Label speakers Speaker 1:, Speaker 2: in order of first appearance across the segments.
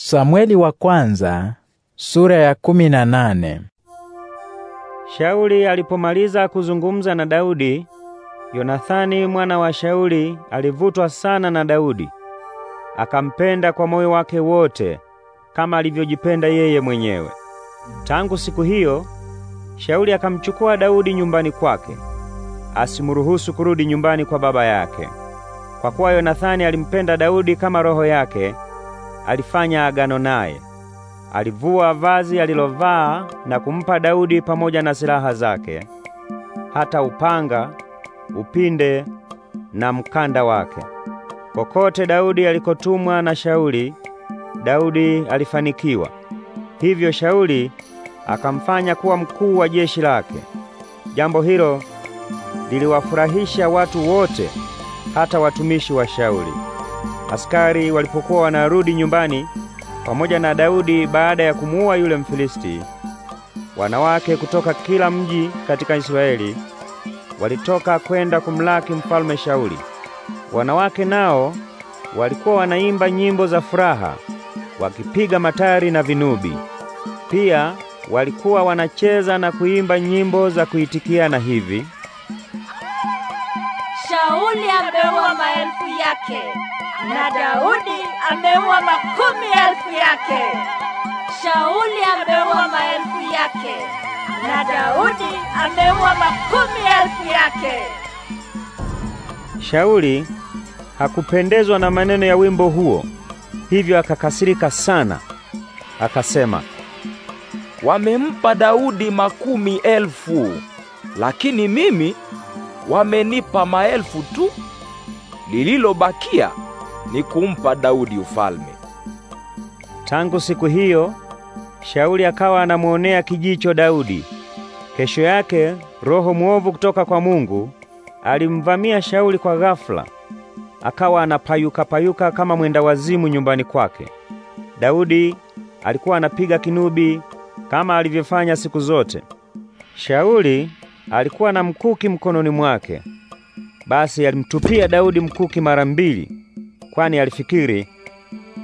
Speaker 1: Samweli wa kwanza sura ya kumi na nane.
Speaker 2: Shauli alipomaliza kuzungumza na Daudi, Yonathani mwana wa Shauli alivutwa sana na Daudi. Akampenda kwa moyo wake wote kama alivyojipenda yeye mwenyewe. Tangu siku hiyo, Shauli akamchukua Daudi nyumbani kwake, asimuruhusu kurudi nyumbani kwa baba yake. Kwa kuwa Yonathani alimpenda Daudi kama roho yake, alifanya agano naye. Alivua vazi alilovaa na kumpa Daudi pamoja na silaha zake, hata upanga, upinde na mkanda wake. Kokote Daudi alikotumwa na Shauli, Daudi alifanikiwa. Hivyo Shauli akamfanya kuwa mkuu wa jeshi lake. Jambo hilo liliwafurahisha watu wote, hata watumishi wa Shauli. Askari walipokuwa wanarudi nyumbani pamoja na Daudi baada ya kumuua yule Mfilisti, wanawake kutoka kila mji katika Israeli walitoka kwenda kumlaki Mfalme Shauli. Wanawake nao walikuwa wanaimba nyimbo za furaha wakipiga matari na vinubi. Pia walikuwa wanacheza na kuimba nyimbo za na hivi: Shauli ameua maelfu
Speaker 1: yake
Speaker 2: na Daudi ameua
Speaker 1: makumi elfu yake.
Speaker 2: Shauli ameua maelfu
Speaker 1: yake, na Daudi ameua makumi elfu yake.
Speaker 2: Shauli hakupendezwa na maneno ya wimbo huo, hivyo akakasirika sana, akasema, wamempa Daudi
Speaker 1: makumi elfu, lakini mimi wamenipa maelfu
Speaker 2: tu, lililobakia ni kumpa Daudi ufalme. Tangu siku hiyo Shauli akawa anamuonea kijicho Daudi. Kesho yake roho muovu kutoka kwa Mungu alimvamia Shauli kwa ghafla, akawa anapayuka payuka kama mwenda wazimu nyumbani kwake. Daudi alikuwa anapiga kinubi kama alivyofanya siku zote. Shauli alikuwa na mkuki mkononi mwake, basi alimtupia Daudi mkuki mara mbili kwani alifikiri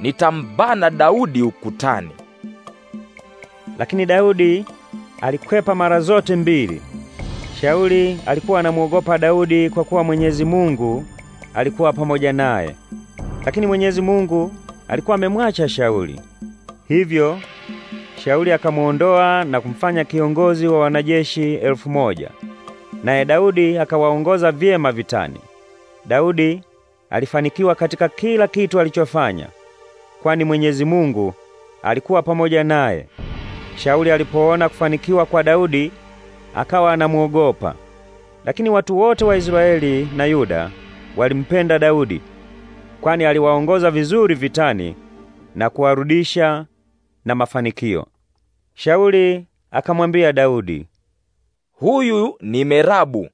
Speaker 2: nitambana Daudi ukutani. Lakini Daudi alikwepa mara zote mbili. Shauli alikuwa anamuogopa Daudi kwa kuwa Mwenyezi Mungu alikuwa pamoja naye, lakini Mwenyezi Mungu alikuwa amemwacha Shauli. Hivyo Shauli akamuondoa na kumfanya kiongozi wa wanajeshi elfu moja naye Daudi akawaongoza vyema vitani. Daudi alifanikiwa katika kila kitu alichofanya, kwani Mwenyezi Mungu alikuwa pamoja naye. Shauli alipoona kufanikiwa kwa Daudi akawa anamuogopa, lakini watu wote wa Israeli na Yuda walimpenda Daudi, kwani aliwaongoza vizuri vitani na kuwarudisha na mafanikio. Shauli akamwambia Daudi, huyu ni Merabu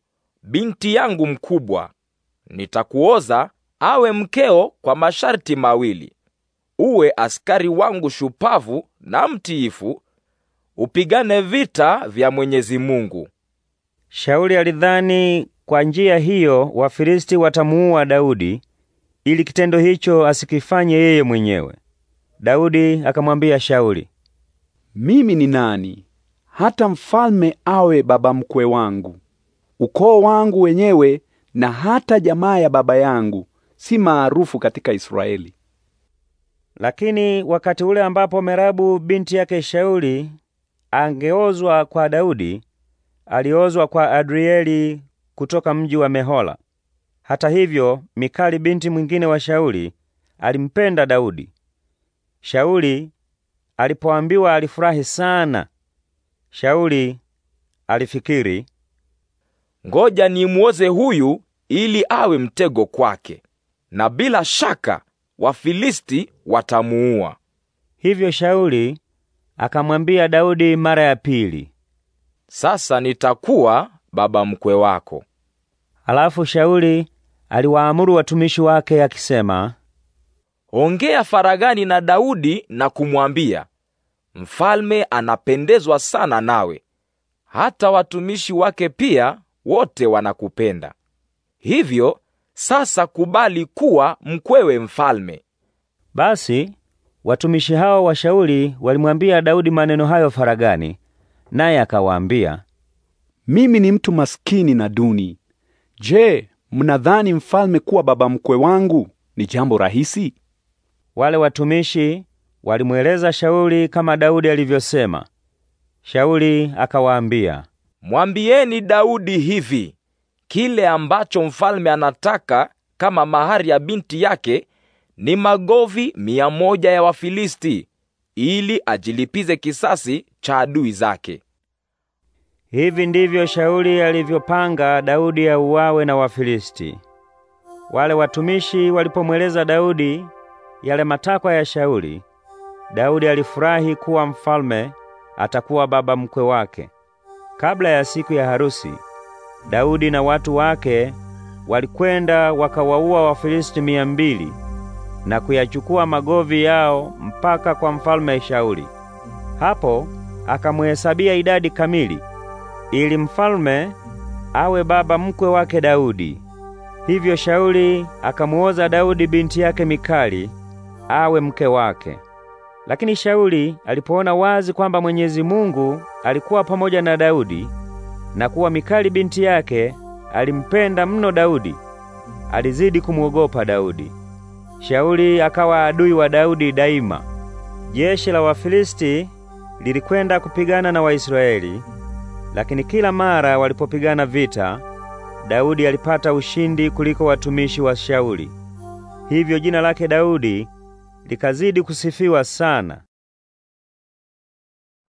Speaker 2: binti yangu mkubwa,
Speaker 1: nitakuoza awe mkeo kwa masharti mawili: uwe askari wangu shupavu na mtiifu, upigane vita vya
Speaker 2: Mwenyezi Mungu. Shauli alidhani kwa njia hiyo Wafilisti watamuua Daudi ili kitendo hicho asikifanye yeye mwenyewe. Daudi akamwambia Shauli, mimi ni nani hata mfalme
Speaker 1: awe baba mkwe wangu? Ukoo wangu wenyewe na hata jamaa ya baba yangu si maarufu katika Israeli.
Speaker 2: Lakini wakati ule ambapo Merabu binti yake Shauli angeozwa kwa Daudi, aliozwa kwa Adrieli kutoka mji wa Mehola. Hata hivyo, Mikali binti mwingine wa Shauli alimpenda Daudi. Shauli alipoambiwa alifurahi sana. Shauli alifikiri, ngoja nimuoze huyu ili awe
Speaker 1: mtego kwake na bila shaka Wafilisti watamuua.
Speaker 2: Hivyo Shauli akamwambia Daudi mara ya pili, sasa nitakuwa baba mkwe wako. Alafu Shauli aliwaamuru watumishi wake akisema,
Speaker 1: ongea faragani na Daudi na kumwambia, mfalme anapendezwa sana nawe, hata watumishi wake pia wote wanakupenda. Hivyo
Speaker 2: sasa kubali kuwa mkwewe mfalme. Basi watumishi hao shauli walimwambia Daudi maneno hayo faragani, naye akawaambia,
Speaker 1: mimi ni mtu maskini na duni. Je, mnadhani
Speaker 2: mfalme kuwa baba mkwe wangu ni jambo rahisi? Wale watumishi walimweleza Shauli kama Daudi alivyosema. Shauli akawaambia, mwambieni Daudi hivi Kile ambacho mfalme anataka
Speaker 1: kama mahari ya binti yake ni magovi mia moja ya Wafilisti ili ajilipize kisasi cha adui zake.
Speaker 2: Hivi ndivyo Shauli alivyopanga Daudi auawe na Wafilisti. Wale watumishi walipomweleza Daudi yale matakwa ya Shauli, Daudi alifurahi kuwa mfalme atakuwa baba mkwe wake. Kabla ya siku ya harusi Daudi na watu wake walikwenda wakawaua Wafilisti mia mbili na kuyachukua magovi yao mpaka kwa mfalme Shauli. Hapo akamuhesabia idadi kamili ili mfalme awe baba mkwe wake Daudi. Hivyo Shauli akamuoza Daudi binti yake Mikali awe mke wake. Lakini Shauli alipoona wazi kwamba Mwenyezi Mungu alikuwa pamoja na Daudi, na kuwa Mikali binti yake alimpenda mno Daudi, alizidi kumwogopa Daudi. Shauli akawa adui wa Daudi daima. Jeshi la Wafilisti lilikwenda kupigana na Waisraeli, lakini kila mara walipopigana vita, Daudi alipata ushindi kuliko watumishi wa Shauli. Hivyo jina lake Daudi likazidi kusifiwa sana.